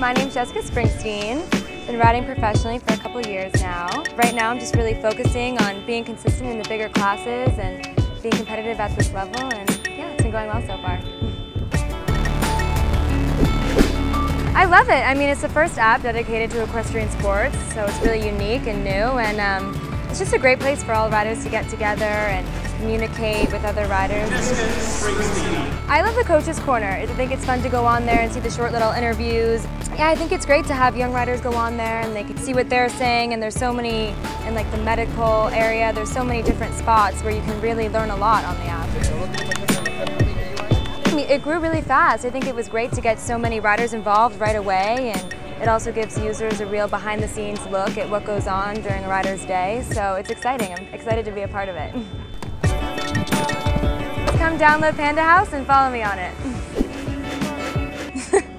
My name is Jessica Springsteen. Been riding professionally for a couple years now. Right now I'm just really focusing on being consistent in the bigger classes and being competitive at this level and yeah, it's been going well so far. I love it. I mean, it's the first app dedicated to equestrian sports, so it's really unique and new, and um, it's just a great place for all riders to get together and communicate with other riders. I love the coaches' corner. I think it's fun to go on there and see the short little interviews. Yeah, I think it's great to have young riders go on there and they can see what they're saying. And there's so many in like the medical area. There's so many different spots where you can really learn a lot on the app. I mean, it grew really fast. I think it was great to get so many riders involved right away and it also gives users a real behind the scenes look at what goes on during a rider's day. So it's exciting. I'm excited to be a part of it. come download Panda House and follow me on it.